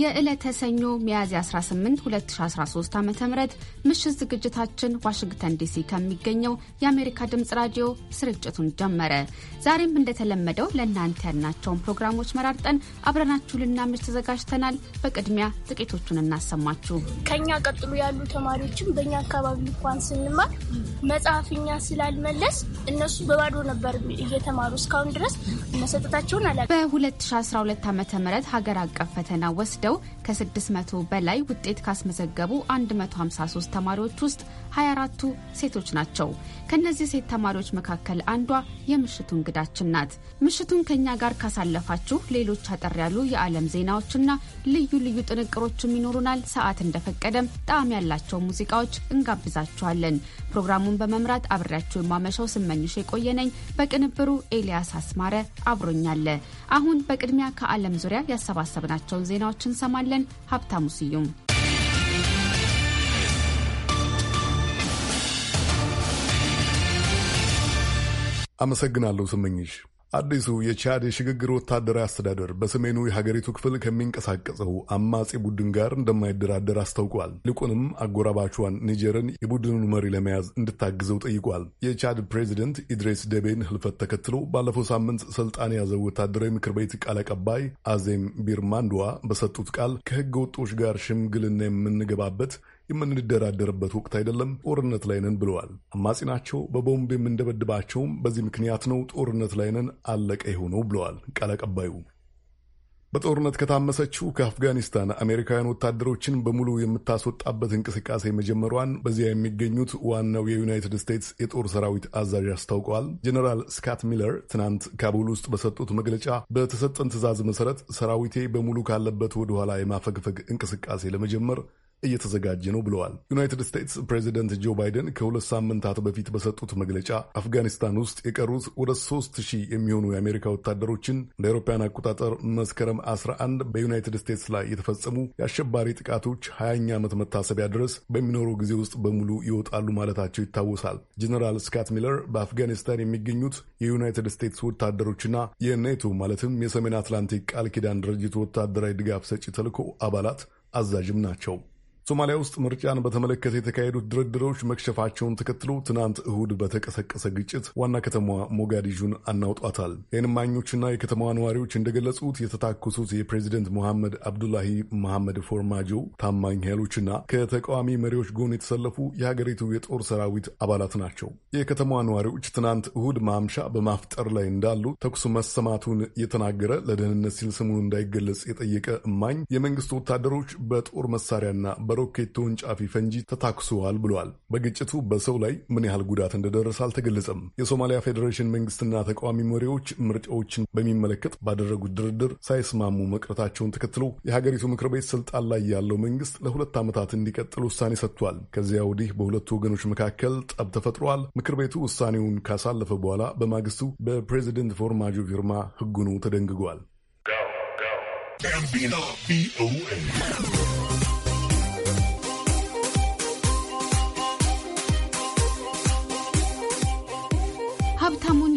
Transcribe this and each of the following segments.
የዕለተ ሰኞ ሚያዝያ 18 2013 ዓ ም ምሽት ዝግጅታችን ዋሽንግተን ዲሲ ከሚገኘው የአሜሪካ ድምፅ ራዲዮ ስርጭቱን ጀመረ። ዛሬም እንደተለመደው ለእናንተ ያልናቸውን ፕሮግራሞች መራርጠን አብረናችሁ ልናምሽ ተዘጋጅተናል። በቅድሚያ ጥቂቶቹን እናሰማችሁ። ከኛ ቀጥሎ ያሉ ተማሪዎችም በእኛ አካባቢ እንኳን ስንማር መጽሐፍኛ ስላልመለስ እነሱ በባዶ ነበር እየተማሩ እስካሁን ድረስ መሰጠታቸውን አላ በ2012 ዓ ም ሀገር አቀፍ ፈተና ወስደ ተወስደው ከ600 በላይ ውጤት ካስመዘገቡ 153 ተማሪዎች ውስጥ 24ቱ ሴቶች ናቸው። ከእነዚህ ሴት ተማሪዎች መካከል አንዷ የምሽቱ እንግዳችን ናት። ምሽቱን ከእኛ ጋር ካሳለፋችሁ ሌሎች አጠር ያሉ የዓለም ዜናዎችና ልዩ ልዩ ጥንቅሮችም ይኖሩናል። ሰዓት እንደፈቀደም ጣዕም ያላቸው ሙዚቃዎች እንጋብዛችኋለን። ፕሮግራሙን በመምራት አብሬያችሁ የማመሻው ስመኝሽ የቆየነኝ፣ በቅንብሩ ኤልያስ አስማረ አብሮኛለ። አሁን በቅድሚያ ከዓለም ዙሪያ ያሰባሰብናቸውን ዜናዎችን እንሰማለን። ሀብታሙ ስዩም አመሰግናለሁ ስመኝሽ። አዲሱ የቻድ የሽግግር ወታደራዊ አስተዳደር በሰሜኑ የሀገሪቱ ክፍል ከሚንቀሳቀሰው አማጺ ቡድን ጋር እንደማይደራደር አስታውቋል። ይልቁንም አጎራባቿን ኒጀርን የቡድኑን መሪ ለመያዝ እንድታግዘው ጠይቋል። የቻድ ፕሬዚደንት ኢድሬስ ደቤን ህልፈት ተከትሎ ባለፈው ሳምንት ስልጣን የያዘው ወታደራዊ ምክር ቤት ቃል አቀባይ አዜም ቢርማንድዋ በሰጡት ቃል ከህገ ወጦች ጋር ሽምግልና የምንገባበት የምንደራደርበት ወቅት አይደለም፣ ጦርነት ላይ ነን ብለዋል። አማጺ ናቸው፣ በቦምብ የምንደበድባቸውም በዚህ ምክንያት ነው፣ ጦርነት ላይ ነን፣ አለቀ የሆነው ብለዋል ቃል አቀባዩ። በጦርነት ከታመሰችው ከአፍጋኒስታን አሜሪካውያን ወታደሮችን በሙሉ የምታስወጣበት እንቅስቃሴ መጀመሯን በዚያ የሚገኙት ዋናው የዩናይትድ ስቴትስ የጦር ሰራዊት አዛዥ አስታውቀዋል። ጀኔራል ስካት ሚለር ትናንት ካቡል ውስጥ በሰጡት መግለጫ በተሰጠን ትዕዛዝ መሰረት ሰራዊቴ በሙሉ ካለበት ወደኋላ የማፈግፈግ እንቅስቃሴ ለመጀመር እየተዘጋጀ ነው ብለዋል። ዩናይትድ ስቴትስ ፕሬዚደንት ጆ ባይደን ከሁለት ሳምንታት በፊት በሰጡት መግለጫ አፍጋኒስታን ውስጥ የቀሩት ወደ ሶስት ሺህ የሚሆኑ የአሜሪካ ወታደሮችን እንደ አውሮፓውያን አቆጣጠር መስከረም 11 በዩናይትድ ስቴትስ ላይ የተፈጸሙ የአሸባሪ ጥቃቶች ሀያኛ ዓመት መታሰቢያ ድረስ በሚኖረው ጊዜ ውስጥ በሙሉ ይወጣሉ ማለታቸው ይታወሳል። ጀኔራል ስካት ሚለር በአፍጋኒስታን የሚገኙት የዩናይትድ ስቴትስ ወታደሮችና የኔቶ ማለትም የሰሜን አትላንቲክ ቃል ኪዳን ድርጅት ወታደራዊ ድጋፍ ሰጪ ተልዕኮ አባላት አዛዥም ናቸው። ሶማሊያ ውስጥ ምርጫን በተመለከተ የተካሄዱት ድርድሮች መክሸፋቸውን ተከትሎ ትናንት እሁድ በተቀሰቀሰ ግጭት ዋና ከተማዋ ሞጋዲሹን አናውጧታል። የዓይን እማኞችና የከተማዋ ነዋሪዎች እንደገለጹት የተታኮሱት የፕሬዚደንት ሞሐመድ አብዱላሂ መሐመድ ፎርማጆ ታማኝ ኃይሎችና ከተቃዋሚ መሪዎች ጎን የተሰለፉ የሀገሪቱ የጦር ሰራዊት አባላት ናቸው። የከተማዋ ነዋሪዎች ትናንት እሁድ ማምሻ በማፍጠር ላይ እንዳሉ ተኩስ መሰማቱን የተናገረ ለደህንነት ሲል ስሙ እንዳይገለጽ የጠየቀ እማኝ የመንግስት ወታደሮች በጦር መሳሪያና በ በሮኬት ተወንጫፊ ፈንጂ ተታክሷል ብሏል። በግጭቱ በሰው ላይ ምን ያህል ጉዳት እንደደረሰ አልተገለጸም። የሶማሊያ ፌዴሬሽን መንግስትና ተቃዋሚ መሪዎች ምርጫዎችን በሚመለከት ባደረጉት ድርድር ሳይስማሙ መቅረታቸውን ተከትሎ የሀገሪቱ ምክር ቤት ስልጣን ላይ ያለው መንግስት ለሁለት ዓመታት እንዲቀጥል ውሳኔ ሰጥቷል። ከዚያ ወዲህ በሁለቱ ወገኖች መካከል ጠብ ተፈጥሯል። ምክር ቤቱ ውሳኔውን ካሳለፈ በኋላ በማግስቱ በፕሬዚደንት ፎርማጆ ፊርማ ህጉኑ ተደንግጓል።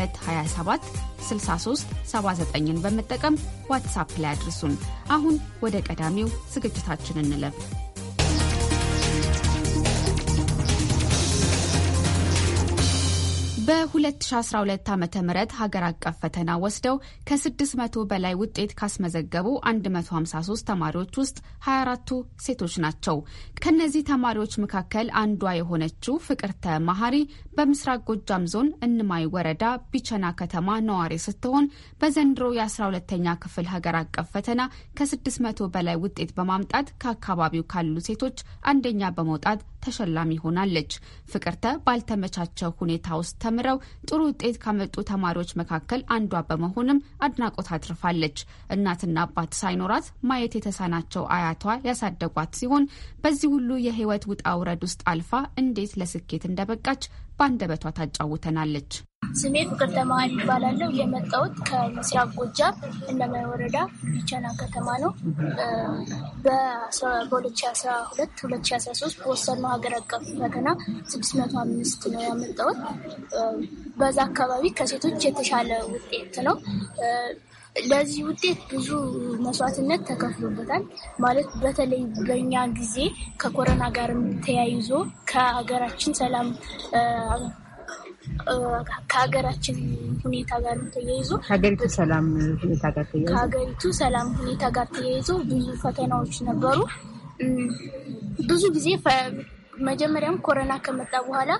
227 ን በመጠቀም ዋትሳፕ ላይ አድርሱን። አሁን ወደ ቀዳሚው ዝግጅታችን እንለፍ። በ2012 ዓ ም ሀገር አቀፍ ፈተና ወስደው ከ600 በላይ ውጤት ካስመዘገቡ 153 ተማሪዎች ውስጥ 24ቱ ሴቶች ናቸው። ከነዚህ ተማሪዎች መካከል አንዷ የሆነችው ፍቅርተ መሀሪ በምስራቅ ጎጃም ዞን እንማይ ወረዳ ቢቸና ከተማ ነዋሪ ስትሆን በዘንድሮ የ12ተኛ ክፍል ሀገር አቀፍ ፈተና ከ600 በላይ ውጤት በማምጣት ከአካባቢው ካሉ ሴቶች አንደኛ በመውጣት ተሸላሚ ሆናለች። ፍቅርተ ባልተመቻቸው ሁኔታ ውስጥ ተምረው ጥሩ ውጤት ካመጡ ተማሪዎች መካከል አንዷ በመሆንም አድናቆት አትርፋለች። እናትና አባት ሳይኖራት ማየት የተሳናቸው አያቷ ያሳደጓት ሲሆን በዚህ ሁሉ የህይወት ውጣ ውረድ ውስጥ አልፋ እንዴት ለስኬት እንደበቃች በአንደበቷ ታጫውተናለች። ስሜ ፍቅር ተማሪ ይባላለሁ። የመጣሁት ከምስራቅ ጎጃም እነማይ ወረዳ ቢቸና ከተማ ነው። በ2012 2013 በወሰድነው ሀገር አቀፍ ፈተና 605 ነው ያመጣሁት። በዛ አካባቢ ከሴቶች የተሻለ ውጤት ነው ለዚህ ውጤት ብዙ መስዋዕትነት ተከፍሎበታል። ማለት በተለይ በእኛ ጊዜ ከኮረና ጋር ተያይዞ ከሀገራችን ሰላም ከሀገራችን ሁኔታ ጋር ተያይዞ ከሀገሪቱ ሰላም ሁኔታ ጋር ተያይዞ ከሀገሪቱ ሰላም ሁኔታ ጋር ተያይዞ ብዙ ፈተናዎች ነበሩ ብዙ ጊዜ መጀመሪያም ኮረና ከመጣ በኋላ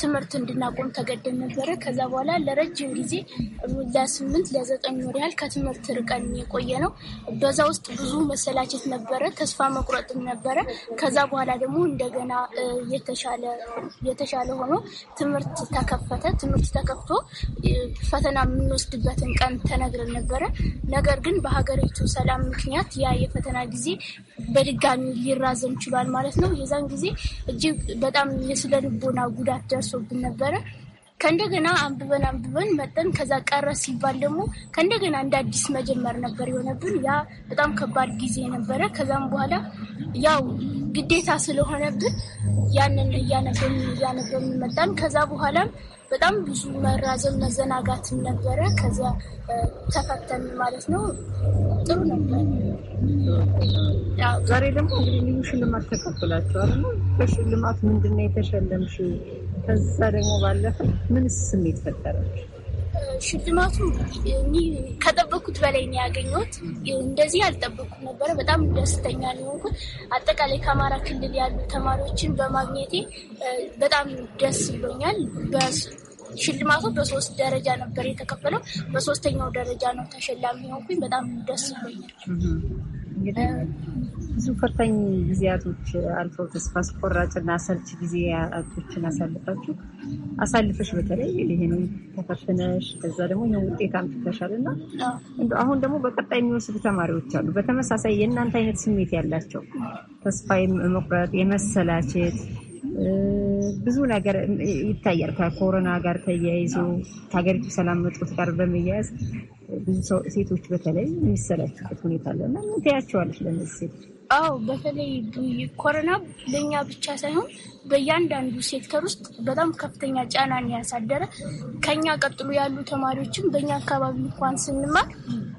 ትምህርት እንድናቆም ተገደን ነበረ። ከዛ በኋላ ለረጅም ጊዜ ለስምንት ለዘጠኝ ወር ያህል ከትምህርት ርቀን የቆየ ነው። በዛ ውስጥ ብዙ መሰላቸት ነበረ፣ ተስፋ መቁረጥም ነበረ። ከዛ በኋላ ደግሞ እንደገና የተሻለ ሆኖ ትምህርት ተከፈተ። ትምህርት ተከፍቶ ፈተና የምንወስድበትን ቀን ተነግረን ነበረ። ነገር ግን በሀገሪቱ ሰላም ምክንያት ያ የፈተና ጊዜ በድጋሚ ሊራዘም ችሏል ማለት ነው። የዛን ጊዜ እጅግ በጣም የስነ ልቦና ጉዳት ደርሶብን ነበረ። ከእንደገና አንብበን አንብበን መጠን ከዛ ቀረ ሲባል ደግሞ ከእንደገና እንደ አዲስ መጀመር ነበር የሆነብን። ያ በጣም ከባድ ጊዜ ነበረ። ከዛም በኋላ ያው ግዴታ ስለሆነብን ያንን እያነበብን እያነበብን መጣን። ከዛ በኋላም በጣም ብዙ መራዘም መዘናጋትም ነበረ። ከዚያ ተፈተን ማለት ነው። ጥሩ ነበር። ዛሬ ደግሞ እንግዲህ ልዩ ሽልማት ተቀብላችኋል። በሽልማት ምንድን ነው የተሸለምሽው? ከዛ ደግሞ ባለፈ ምን ስሜት ፈጠረች? ሽልማቱ ከጠበኩት በላይ ነው ያገኘሁት። እንደዚህ ያልጠበቅኩት ነበረ። በጣም ደስተኛ ሆንኩት። አጠቃላይ ከአማራ ክልል ያሉ ተማሪዎችን በማግኘቴ በጣም ደስ ብሎኛል። ሽልማቱ በሶስት ደረጃ ነበር የተከፈለው። በሶስተኛው ደረጃ ነው ተሸላሚ ሆንኩኝ። በጣም ደስ ብሎኛል። እንግዲህ ብዙ ፈታኝ ጊዜያቶች አልፈው ተስፋ አስቆራጭና አሰልች ጊዜያቶችን አሳልፋችሁ አሳልፈሽ በተለይ ይህን ተፈትነሽ ከዛ ደግሞ ይህን ውጤት አምጥተሻል እና አሁን ደግሞ በቀጣይ የሚወስዱ ተማሪዎች አሉ። በተመሳሳይ የእናንተ አይነት ስሜት ያላቸው ተስፋ የመቁረጥ የመሰላቸት ብዙ ነገር ይታያል። ከኮሮና ጋር ተያይዞ ከሀገሪቱ ሰላም መጦት ጋር በመያያዝ ብዙ ሴቶች በተለይ የሚሰላችበት ሁኔታ አለ እና ምን ትያቸዋለች ለነዚህ ሴቶች? አዎ በተለይ ኮሮና ለእኛ ብቻ ሳይሆን በእያንዳንዱ ሴክተር ውስጥ በጣም ከፍተኛ ጫናን ያሳደረ ከኛ ቀጥሎ ያሉ ተማሪዎችም በእኛ አካባቢ እንኳን ስንማር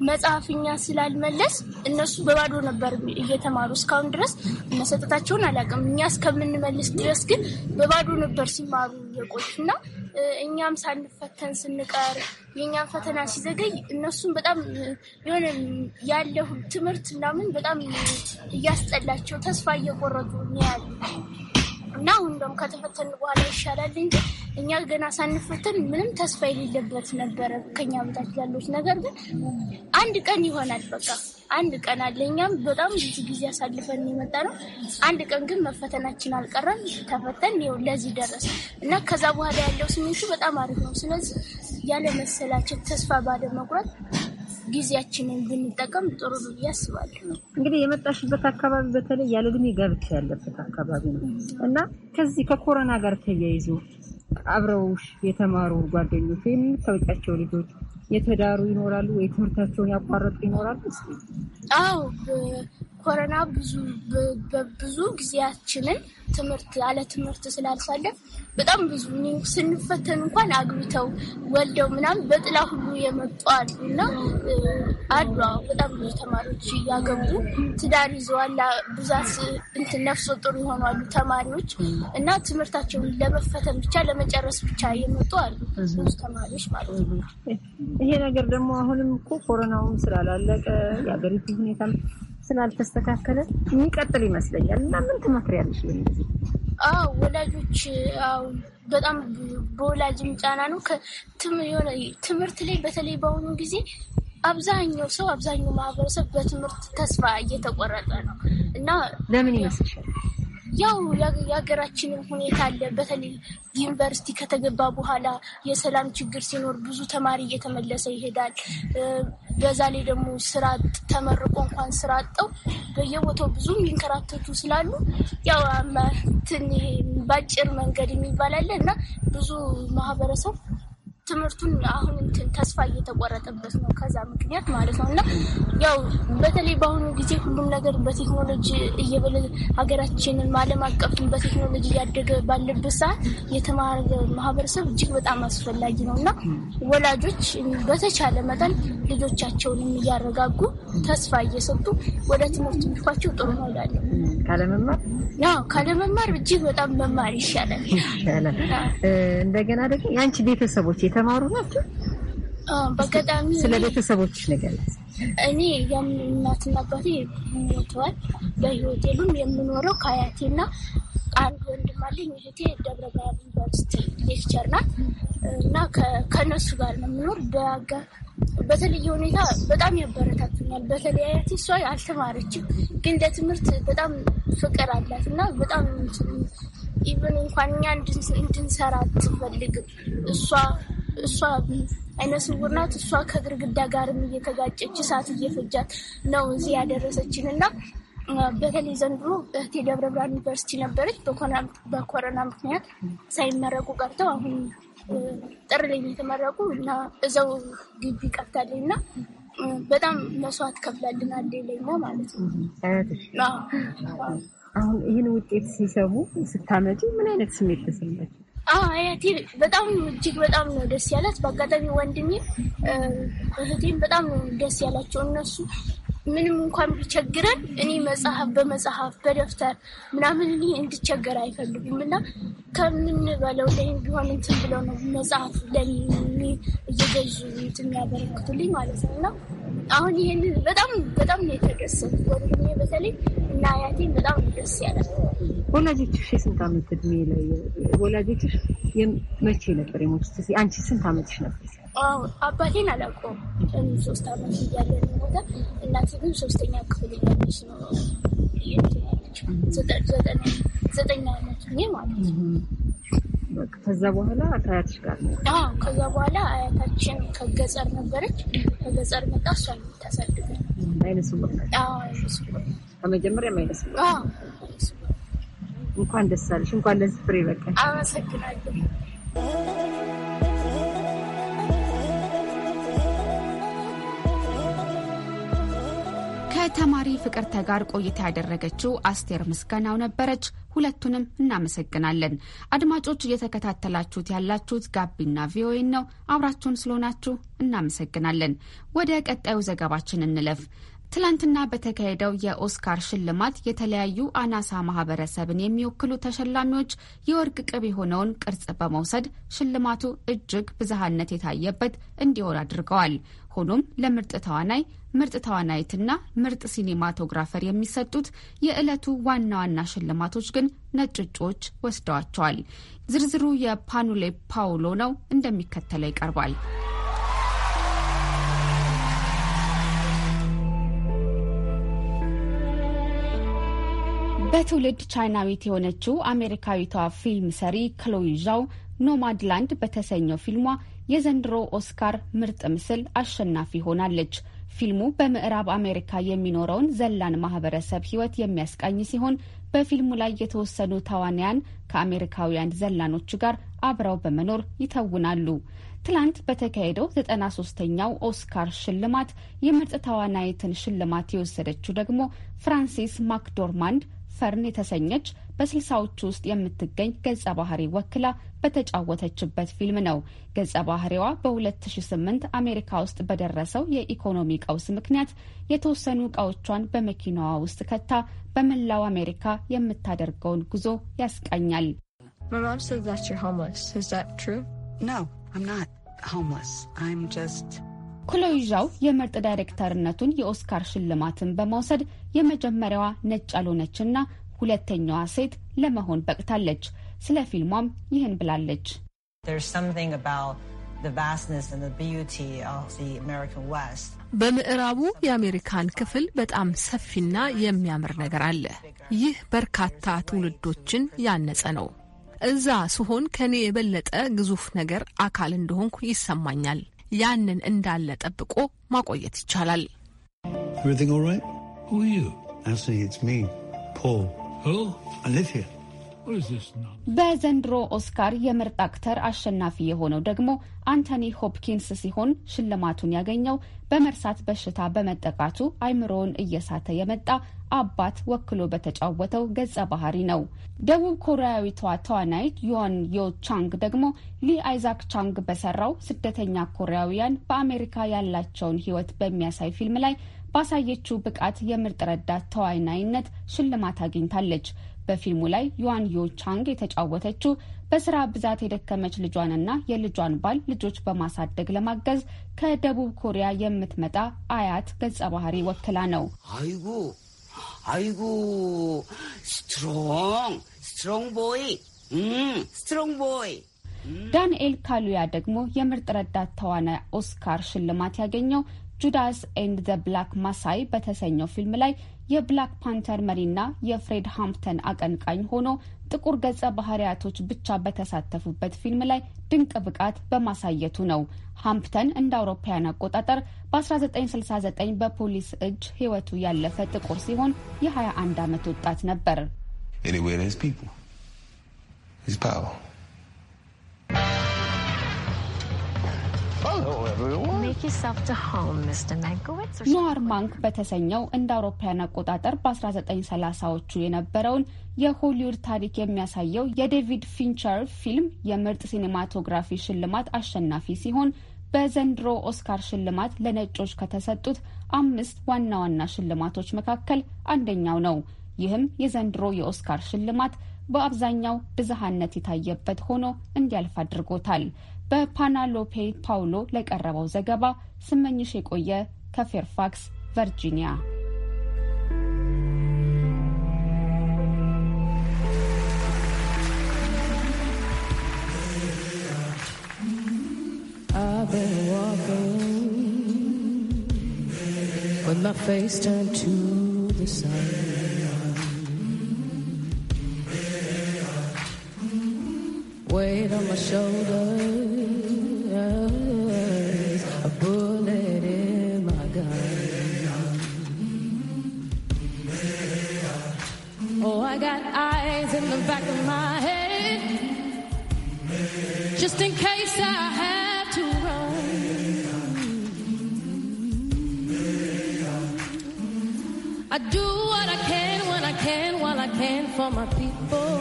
መጽሐፍኛ ስላልመለስ እነሱ በባዶ ነበር እየተማሩ እስካሁን ድረስ መሰጠታቸውን አላውቅም። እኛ እስከምንመልስ ድረስ ግን በባዶ ነበር ሲማሩ እና እኛም ሳንፈተን ስንቀር የእኛም ፈተና ሲዘገይ እነሱም በጣም የሆነ ያለው ትምህርት ምናምን በጣም እያስጠላቸው ተስፋ እየቆረጡ ያሉ እና አሁን እንደውም ከተፈተን በኋላ ይሻላል እንጂ እኛ ገና ሳንፈተን ምንም ተስፋ የሌለበት ነበረ። ከኛ በታች ያሉት ነገር ግን አንድ ቀን ይሆናል በቃ አንድ ቀን አለ። እኛም በጣም ብዙ ጊዜ አሳልፈን የመጣ ነው። አንድ ቀን ግን መፈተናችን አልቀረም። ተፈተን ይኸው ለዚህ ደረስ እና ከዛ በኋላ ያለው ስሜቱ በጣም አሪፍ ነው። ስለዚህ ያለመሰላቸት ተስፋ ባለመቁረጥ ጊዜያችንን ብንጠቀም ጥሩ ብዬ አስባለሁ። እንግዲህ የመጣሽበት አካባቢ በተለይ ያለ እድሜ ጋብቻ ያለበት አካባቢ ነው እና ከዚህ ከኮሮና ጋር ተያይዞ አብረውሽ የተማሩ ጓደኞች ወይም የምታወቂያቸው ልጆች የተዳሩ ይኖራሉ ወይ ትምህርታቸውን ያቋረጡ ይኖራሉ? አዎ ኮረና ብዙ ጊዜያችንን ትምህርት ያለ ትምህርት ስላልሳለ በጣም ብዙ ስንፈተን እንኳን አግብተው ወልደው ምናምን በጥላ ሁሉ የመጡ አሉ እና አሉ። በጣም ብዙ ተማሪዎች እያገቡ ትዳር ይዘዋል። ብዛት እንትን ጥሩ የሆኑ አሉ ተማሪዎች እና ትምህርታቸውን ለመፈተን ብቻ ለመጨረስ ብቻ የመጡ አሉ ብዙ ተማሪዎች ማለት ነው። ይሄ ነገር ደግሞ አሁንም እኮ ኮሮናውም ስላላለቀ የአገሪቱ ሁኔታም ስላልተስተካከለ የሚቀጥል ይመስለኛል። እና ምን ትመክሪያለሽ? አዎ ወላጆች አዎ በጣም በወላጅም ጫና ነው። የሆነ ትምህርት ላይ በተለይ በአሁኑ ጊዜ አብዛኛው ሰው አብዛኛው ማህበረሰብ በትምህርት ተስፋ እየተቆረጠ ነው እና ለምን ይመስልሻል? ያው የሀገራችንን ሁኔታ አለ። በተለይ ዩኒቨርሲቲ ከተገባ በኋላ የሰላም ችግር ሲኖር ብዙ ተማሪ እየተመለሰ ይሄዳል። በዛ ላይ ደግሞ ስራ ተመርቆ እንኳን ስራ አጠው በየቦታው ብዙ የሚንከራተቱ ስላሉ ያው ትን ባጭር መንገድ የሚባል አለ እና ብዙ ማህበረሰብ ትምህርቱን አሁን እንትን ተስፋ እየተቆረጠበት ነው። ከዛ ምክንያት ማለት ነው እና ያው በተለይ በአሁኑ ጊዜ ሁሉም ነገር በቴክኖሎጂ እየበለ ሀገራችንን ዓለም አቀፍን በቴክኖሎጂ እያደገ ባለበት ሰዓት የተማረ ማህበረሰብ እጅግ በጣም አስፈላጊ ነው እና ወላጆች በተቻለ መጠን ልጆቻቸውንም እያረጋጉ ተስፋ እየሰጡ ወደ ትምህርት ቢልኳቸው ጥሩ ነው እላለሁ። ካለመማር ያው ካለመማር እጅግ በጣም መማር ይሻላል። እንደገና ደግሞ የአንቺ ቤተሰቦች የተማሩ ናቸው? በአጋጣሚ ስለ ቤተሰቦች ነገር እኔ የምናትና አባቴ ሞተዋል። በሆቴሉም የምኖረው ከአያቴና አንድ ወንድም አለኝ። እህቴ ደብረ ብርሃን ዩኒቨርሲቲ ሌክቸር ናት እና ከእነሱ ጋር ነው የምኖር። በተለየ ሁኔታ በጣም ያበረታቱኛል። በተለይ አያቴ እሷ አልተማረችም፣ ግን ለትምህርት በጣም ፍቅር አላት እና በጣም ኢቨን እንኳን እኛ እንድንሰራ አትፈልግም እሷ እሷ አይነ ስውር ናት። እሷ ከግርግዳ ጋርም እየተጋጨች እሳት እየፈጃት ነው እዚህ ያደረሰችን እና በተለይ ዘንድሮ እህቴ ደብረ ብርሃን ዩኒቨርሲቲ ነበረች። በኮረና ምክንያት ሳይመረቁ ቀርተው አሁን ጥር ላይ የተመረቁ እና እዛው ግቢ ቀርታለች እና በጣም መስዋዕት ከፍላልን አለ ማለት ነው። አሁን ይህን ውጤት ሲሰሙ ስታመጪ ምን አይነት ስሜት ተሰማችሁ? አያቴ በጣም እጅግ በጣም ነው ደስ ያላት። በአጋጣሚ ወንድሜም እህቴም በጣም ነው ደስ ያላቸው። እነሱ ምንም እንኳን ቢቸግረን እኔ መጽሐፍ በመጽሐፍ በደብተር ምናምን እኔ እንድቸገር አይፈልጉም እና ከምንበለው ላይ ቢሆን እንትን ብለው ነው መጽሐፍ ለኔ እየገዙ እንትን የሚያበረክቱልኝ ማለት ነው እና አሁን ይህንን በጣም በጣም ነው የተደሰት ወንድሜ በተለይ እና አያቴን በጣም ደስ ያለ። ወላጆችሽ የስንት ዓመት እድሜ ላይ ወላጆችሽ መቼ ነበር የሞቱት? አንቺ ስንት ዓመትሽ ነበር? አባቴን አላውቀውም። ሶስት ዓመት እያለ ሞተ። እናቴ ግን ሶስተኛ ክፍል እያለች ነው ዘጠኝ ዓመት ማለት ነው። ከዛ በኋላ ከአያትሽ ጋር ነው። ከዛ በኋላ አያታችን ከገጠር ነበረች። ከገጠር መጣ እሷን ታሳድገ አይነሱ አይነሱ በመጀመሪያ ማይደስ እንኳን ደስ አለሽ፣ እንኳን ለዚህ ፍሬ በቃ። አመሰግናለሁ። ከተማሪ ፍቅርተ ጋር ቆይታ ያደረገችው አስቴር ምስጋናው ነበረች። ሁለቱንም እናመሰግናለን። አድማጮች እየተከታተላችሁት ያላችሁት ጋቢና ቪኦኤ ነው። አብራችሁን ስለሆናችሁ እናመሰግናለን። ወደ ቀጣዩ ዘገባችን እንለፍ። ትላንትና በተካሄደው የኦስካር ሽልማት የተለያዩ አናሳ ማህበረሰብን የሚወክሉ ተሸላሚዎች የወርቅ ቅብ የሆነውን ቅርጽ በመውሰድ ሽልማቱ እጅግ ብዝሃነት የታየበት እንዲሆን አድርገዋል። ሆኖም ለምርጥ ተዋናይ፣ ምርጥ ተዋናይትና ምርጥ ሲኒማቶግራፈር የሚሰጡት የዕለቱ ዋና ዋና ሽልማቶች ግን ነጭ እጩዎች ወስደዋቸዋል። ዝርዝሩ የፓኑሌ ፓውሎ ነው፣ እንደሚከተለው ይቀርባል። በትውልድ ቻይናዊት የሆነችው አሜሪካዊቷ ፊልም ሰሪ ክሎይ ዣው ኖማድላንድ በተሰኘው ፊልሟ የዘንድሮ ኦስካር ምርጥ ምስል አሸናፊ ሆናለች። ፊልሙ በምዕራብ አሜሪካ የሚኖረውን ዘላን ማህበረሰብ ሕይወት የሚያስቃኝ ሲሆን በፊልሙ ላይ የተወሰኑ ተዋንያን ከአሜሪካውያን ዘላኖች ጋር አብረው በመኖር ይተውናሉ። ትላንት በተካሄደው ዘጠና ሶስተኛው ኦስካር ሽልማት የምርጥ ተዋናይትን ሽልማት የወሰደችው ደግሞ ፍራንሲስ ማክዶርማንድ ፈርን የተሰኘች በስልሳዎቹ ውስጥ የምትገኝ ገጸ ባህሪ ወክላ በተጫወተችበት ፊልም ነው። ገጸ ባህሪዋ በ2008 አሜሪካ ውስጥ በደረሰው የኢኮኖሚ ቀውስ ምክንያት የተወሰኑ እቃዎቿን በመኪናዋ ውስጥ ከታ በመላው አሜሪካ የምታደርገውን ጉዞ ያስቃኛል። My ክሎይ ዣው የምርጥ ዳይሬክተርነቱን የኦስካር ሽልማትን በመውሰድ የመጀመሪያዋ ነጭ ያልሆነችና ሁለተኛዋ ሴት ለመሆን በቅታለች። ስለ ፊልሟም ይህን ብላለች። በምዕራቡ የአሜሪካን ክፍል በጣም ሰፊና የሚያምር ነገር አለ። ይህ በርካታ ትውልዶችን ያነጸ ነው። እዛ ስሆን ከኔ የበለጠ ግዙፍ ነገር አካል እንደሆንኩ ይሰማኛል። ያንን እንዳለ ጠብቆ ማቆየት ይቻላል። Everything all right? Who are you? I say it's me, Paul. Who? I live here. በዘንድሮ ኦስካር የምርጥ አክተር አሸናፊ የሆነው ደግሞ አንቶኒ ሆፕኪንስ ሲሆን ሽልማቱን ያገኘው በመርሳት በሽታ በመጠቃቱ አይምሮውን እየሳተ የመጣ አባት ወክሎ በተጫወተው ገጸ ባህሪ ነው። ደቡብ ኮሪያዊቷ ተዋናይት ዮን ዮ ቻንግ ደግሞ ሊ አይዛክ ቻንግ በሰራው ስደተኛ ኮሪያውያን በአሜሪካ ያላቸውን ሕይወት በሚያሳይ ፊልም ላይ ባሳየችው ብቃት የምርጥ ረዳት ተዋናይነት ሽልማት አግኝታለች። በፊልሙ ላይ ዩዋን ዮ ቻንግ የተጫወተችው በስራ ብዛት የደከመች ልጇንና የልጇን ባል ልጆች በማሳደግ ለማገዝ ከደቡብ ኮሪያ የምትመጣ አያት ገጸ ባህሪ ወክላ ነው። አይጉ አይጉ ስትሮንግ ስትሮንግ ቦይ ስትሮንግ ቦይ። ዳንኤል ካሉያ ደግሞ የምርጥ ረዳት ተዋናይ ኦስካር ሽልማት ያገኘው ጁዳስ ኤንድ ዘ ብላክ ማሳይ በተሰኘው ፊልም ላይ የብላክ ፓንተር መሪና የፍሬድ ሃምፕተን አቀንቃኝ ሆኖ ጥቁር ገጸ ባህሪያቶች ብቻ በተሳተፉበት ፊልም ላይ ድንቅ ብቃት በማሳየቱ ነው። ሃምፕተን እንደ አውሮፓውያን አቆጣጠር በ1969 በፖሊስ እጅ ሕይወቱ ያለፈ ጥቁር ሲሆን የ21 ዓመት ወጣት ነበር። ኖዋር ማንክ በተሰኘው እንደ አውሮፓውያን አቆጣጠር በ1930ዎቹ የነበረውን የሆሊውድ ታሪክ የሚያሳየው የዴቪድ ፊንቸር ፊልም የምርጥ ሲኒማቶግራፊ ሽልማት አሸናፊ ሲሆን በዘንድሮ ኦስካር ሽልማት ለነጮች ከተሰጡት አምስት ዋና ዋና ሽልማቶች መካከል አንደኛው ነው። ይህም የዘንድሮ የኦስካር ሽልማት በአብዛኛው ብዝሃነት የታየበት ሆኖ እንዲያልፍ አድርጎታል። በፓናሎፔ ፓውሎ ለቀረበው ዘገባ ስመኝሽ የቆየ ከፌርፋክስ ቨርጂኒያ። I've been walking with my face turned to the sun. Weight on my shoulders. in the back of my head, just in case I had to run. I do what I can when I can, while I can for my people.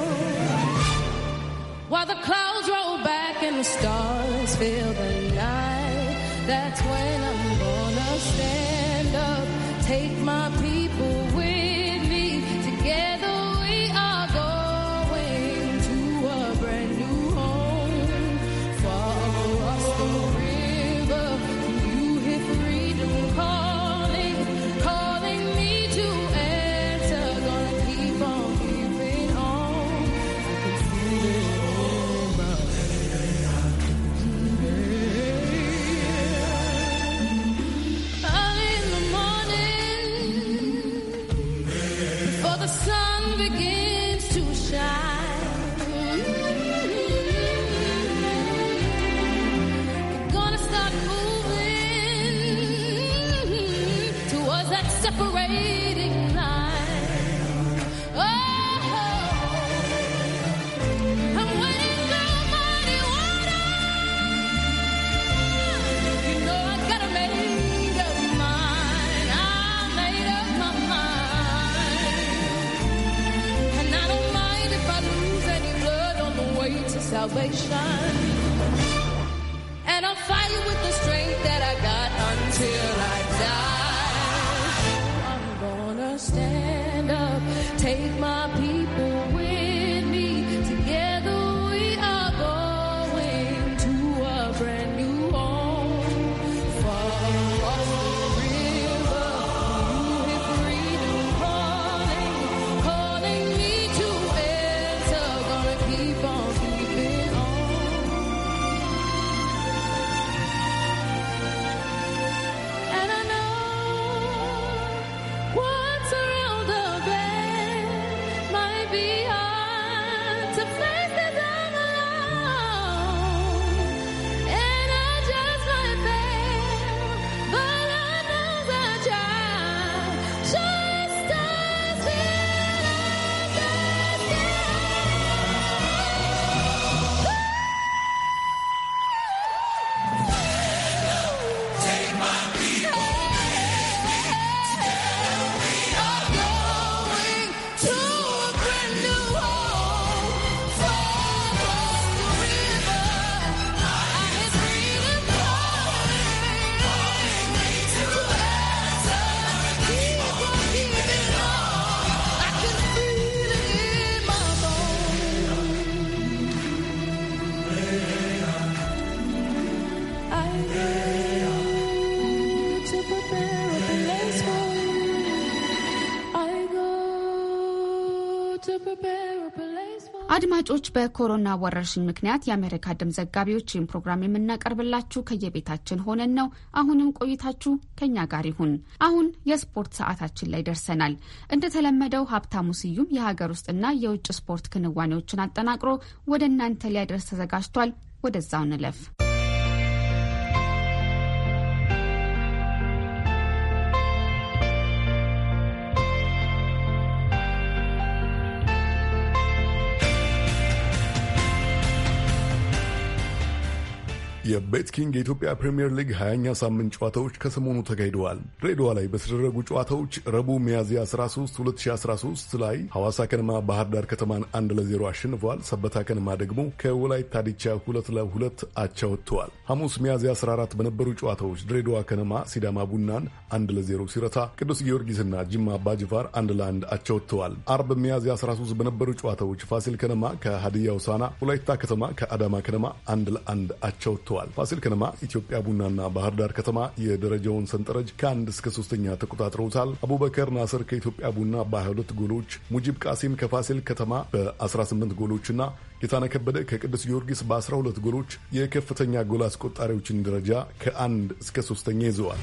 While the clouds roll back and the stars fill the night, that's when I'm gonna stand up, take my people. አድማጮች በኮሮና ወረርሽኝ ምክንያት የአሜሪካ ድምፅ ዘጋቢዎች ይህን ፕሮግራም የምናቀርብላችሁ ከየቤታችን ሆነን ነው። አሁንም ቆይታችሁ ከኛ ጋር ይሁን። አሁን የስፖርት ሰዓታችን ላይ ደርሰናል። እንደተለመደው ሀብታሙ ስዩም የሀገር ውስጥና የውጭ ስፖርት ክንዋኔዎችን አጠናቅሮ ወደ እናንተ ሊያደርስ ተዘጋጅቷል። ወደዛው ንለፍ። የቤትኪንግ የኢትዮጵያ ፕሪምየር ሊግ 2 ኛ ሳምንት ጨዋታዎች ከሰሞኑ ተካሂደዋል። ድሬዳዋ ላይ በተደረጉ ጨዋታዎች ረቡዕ ሚያዝያ 13 2013 ላይ ሐዋሳ ከነማ ባህር ዳር ከተማን 1 ለ0 አሸንፈዋል። ሰበታ ከነማ ደግሞ ከወላይታ ዲቻ 2 ለ2 አቻ ወጥተዋል። ሐሙስ ሚያዝያ 14 በነበሩ ጨዋታዎች ድሬዳዋ ከነማ ሲዳማ ቡናን 1 ለ0 ሲረታ፣ ቅዱስ ጊዮርጊስና ጅማ አባጅፋር 1 ለ1 አቻ ወጥተዋል። አርብ ሚያዝያ 13 በነበሩ ጨዋታዎች ፋሲል ከነማ ከሀዲያ ውሳና፣ ሁላይታ ከተማ ከአዳማ ከነማ 1 ለ1 አቻ ተቀምጠዋል። ፋሲል ከነማ፣ ኢትዮጵያ ቡናና ባህር ዳር ከተማ የደረጃውን ሰንጠረዥ ከአንድ እስከ ሶስተኛ ተቆጣጥረውታል። አቡበከር ናስር ከኢትዮጵያ ቡና በ22 ጎሎች፣ ሙጂብ ቃሲም ከፋሲል ከተማ በ18 ጎሎችና ጌታነ ከበደ ከቅዱስ ጊዮርጊስ በ12 ጎሎች የከፍተኛ ጎል አስቆጣሪዎችን ደረጃ ከአንድ እስከ ሶስተኛ ይዘዋል።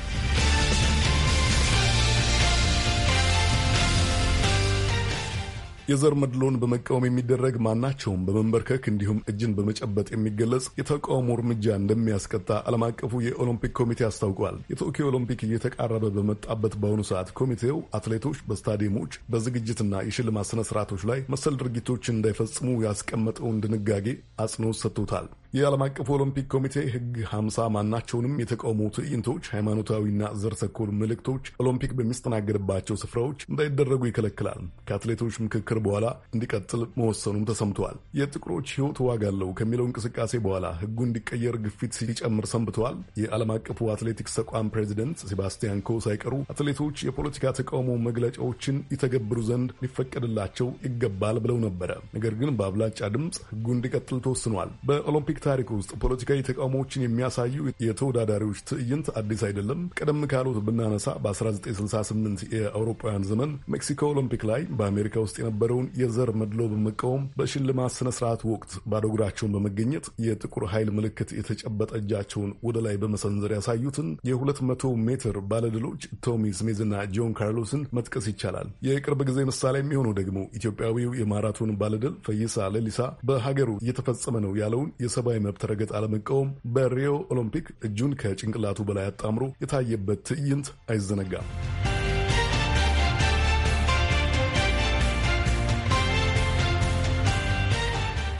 የዘር መድሎን በመቃወም የሚደረግ ማናቸውም በመንበርከክ እንዲሁም እጅን በመጨበጥ የሚገለጽ የተቃውሞ እርምጃ እንደሚያስቀጣ ዓለም አቀፉ የኦሎምፒክ ኮሚቴ አስታውቋል። የቶኪዮ ኦሎምፒክ እየተቃረበ በመጣበት በአሁኑ ሰዓት ኮሚቴው አትሌቶች በስታዲየሞች በዝግጅትና የሽልማት ስነ ስርዓቶች ላይ መሰል ድርጊቶች እንዳይፈጽሙ ያስቀመጠውን ድንጋጌ አጽንኦት ሰጥቶታል። የዓለም አቀፍ ኦሎምፒክ ኮሚቴ ህግ 50 ማናቸውንም የተቃውሞ ትዕይንቶች፣ ሃይማኖታዊና ዘር ተኮር ምልክቶች ኦሎምፒክ በሚስተናገድባቸው ስፍራዎች እንዳይደረጉ ይከለክላል። ከአትሌቶች ምክክር በኋላ እንዲቀጥል መወሰኑም ተሰምተዋል። የጥቁሮች ህይወት ዋጋ አለው ከሚለው እንቅስቃሴ በኋላ ህጉ እንዲቀየር ግፊት ሲጨምር ሰንብተዋል። የዓለም አቀፉ አትሌቲክስ ተቋም ፕሬዚደንት ሴባስቲያን ኮ ሳይቀሩ አትሌቶች የፖለቲካ ተቃውሞ መግለጫዎችን ይተገብሩ ዘንድ ሊፈቀድላቸው ይገባል ብለው ነበረ። ነገር ግን በአብላጫ ድምፅ ህጉ እንዲቀጥል ተወስኗል። በኦሎምፒክ ታሪክ ውስጥ ፖለቲካዊ ተቃውሞዎችን የሚያሳዩ የተወዳዳሪዎች ትዕይንት አዲስ አይደለም። ቀደም ካሉት ብናነሳ በ1968 የአውሮፓውያን ዘመን ሜክሲኮ ኦሎምፒክ ላይ በአሜሪካ ውስጥ የነበረውን የዘር መድሎ በመቃወም በሽልማት ስነ ስርዓት ወቅት ባዶ እግራቸውን በመገኘት የጥቁር ኃይል ምልክት የተጨበጠ እጃቸውን ወደ ላይ በመሰንዘር ያሳዩትን የ200 ሜትር ባለድሎች ቶሚ ስሜዝና ጆን ካርሎስን መጥቀስ ይቻላል። የቅርብ ጊዜ ምሳሌ የሚሆነው ደግሞ ኢትዮጵያዊው የማራቶን ባለድል ፈይሳ ሌሊሳ በሀገሩ እየተፈጸመ ነው ያለውን የሰ የሰብአዊ መብት ረገጥ አለመቃወም በሪዮ ኦሎምፒክ እጁን ከጭንቅላቱ በላይ አጣምሮ የታየበት ትዕይንት አይዘነጋም።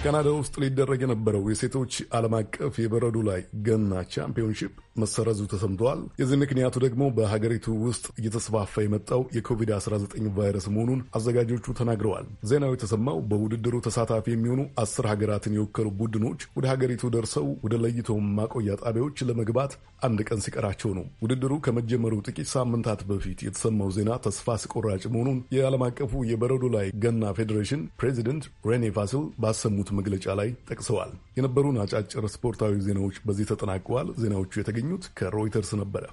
ካናዳ ውስጥ ሊደረግ የነበረው የሴቶች ዓለም አቀፍ የበረዶ ላይ ገና ቻምፒዮንሺፕ መሰረዙ ተሰምተዋል። የዚህ ምክንያቱ ደግሞ በሀገሪቱ ውስጥ እየተስፋፋ የመጣው የኮቪድ-19 ቫይረስ መሆኑን አዘጋጆቹ ተናግረዋል። ዜናው የተሰማው በውድድሩ ተሳታፊ የሚሆኑ አስር ሀገራትን የወከሉ ቡድኖች ወደ ሀገሪቱ ደርሰው ወደ ለይቶ ማቆያ ጣቢያዎች ለመግባት አንድ ቀን ሲቀራቸው ነው። ውድድሩ ከመጀመሩ ጥቂት ሳምንታት በፊት የተሰማው ዜና ተስፋ አስቆራጭ መሆኑን የዓለም አቀፉ የበረዶ ላይ ገና ፌዴሬሽን ፕሬዚደንት ሬኔ ፋሲል ባሰሙት መግለጫ ላይ ጠቅሰዋል። የነበሩን አጫጭር ስፖርታዊ ዜናዎች በዚህ ተጠናቀዋል። ዜናዎቹ የተገኙት ከሮይተርስ ነበረ።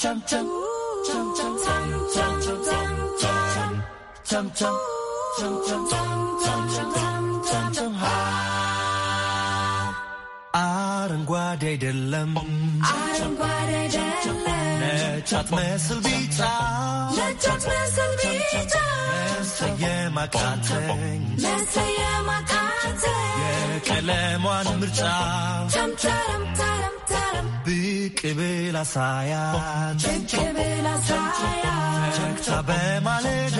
Chum chum አረንጓዴ አይደለም ነጭ መስል ቢጫ መሰየም አቃተኝ የቀለሟን ምርጫ ብቅ ብል አሳያት ቸግታ በማለዳ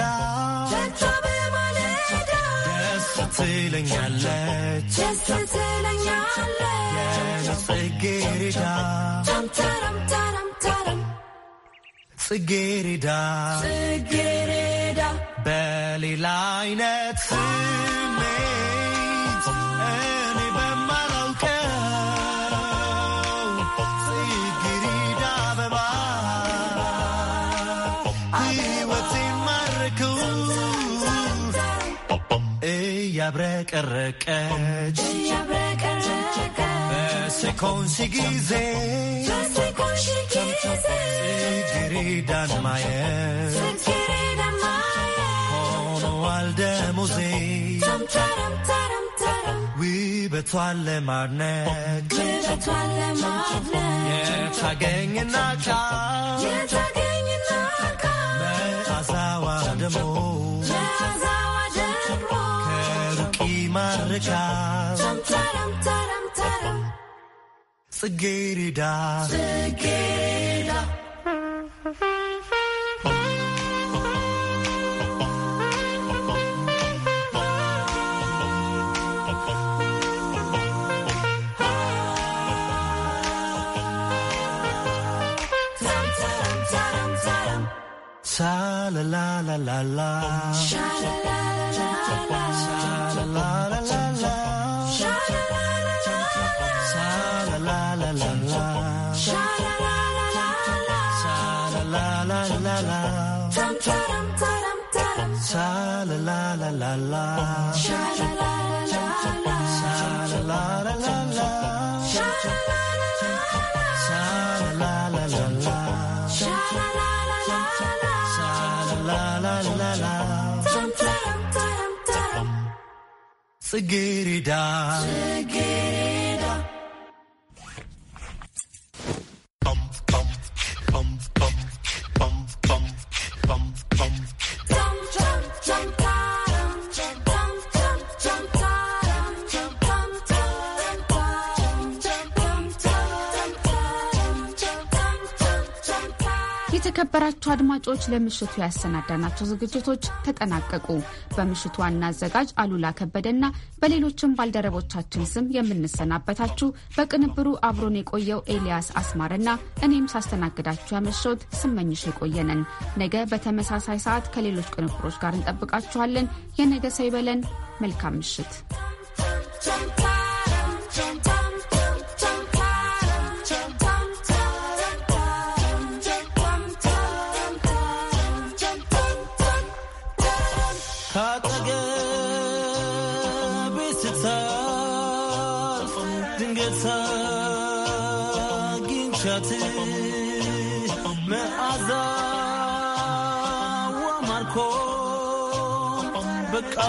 ትለኛለች ጽጌሬዳ ጽጌሬዳ በሌላ አይነት እያብረቀረቀች በሴኮንስ ጊዜ ጽጌረዳን ማየት ሆኖዋል ደሞዜ ውበቷን ለማድነቅ የታገኝና መዓዛዋ ደግሞ ይማርካል ጽጌሬዳ la la la la la. Sha la la la la la. la la. la la la la la la. Sha la la la la la. Sha la la la la la. Sha la la la la la. Sha la la la la la. Sha la la la la la. la la la la la la. la la የተከበራችሁ አድማጮች ለምሽቱ ያሰናዳናቸው ዝግጅቶች ተጠናቀቁ። በምሽቱ ዋና አዘጋጅ አሉላ ከበደና በሌሎችም ባልደረቦቻችን ስም የምንሰናበታችሁ በቅንብሩ አብሮን የቆየው ኤልያስ አስማርና እኔም ሳስተናግዳችሁ ያመሸሁት ስመኝሽ የቆየነን። ነገ በተመሳሳይ ሰዓት ከሌሎች ቅንብሮች ጋር እንጠብቃችኋለን። የነገ ሰው ይበለን። መልካም ምሽት።